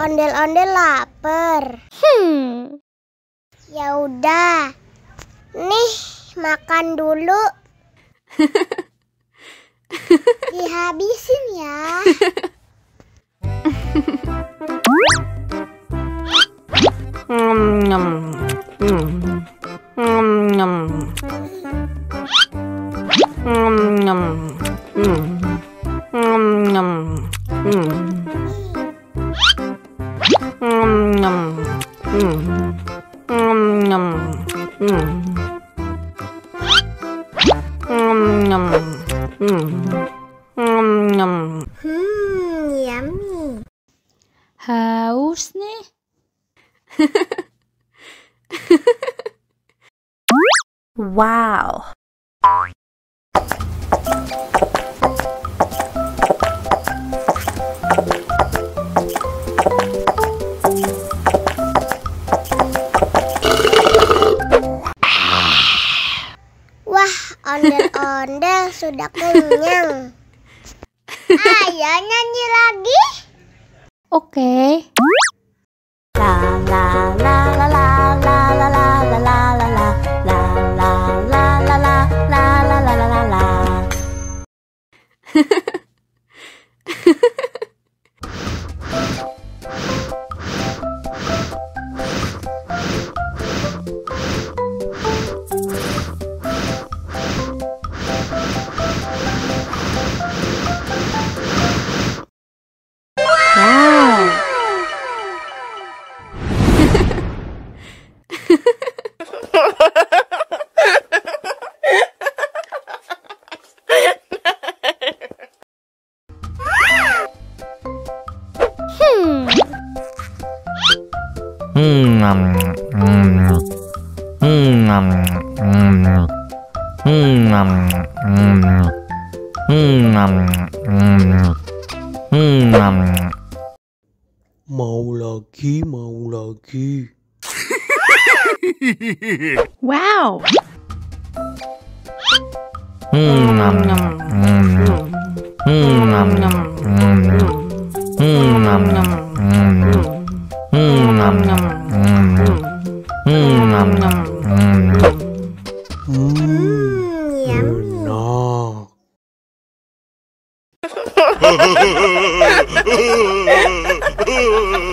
Ondel-ondel lapar. Hmm. Ya udah. Nih, makan dulu. Dihabisin ya. hmm Mmm, yummy. How Wow. sudah kenyang. Ayo nyanyi lagi. Oke. Okay. màu là khí màu là khí wow Mm, nom, nom. Mm, nom. Mm, nom, nom. Mm, nom, nom. Mm, nom, nom no.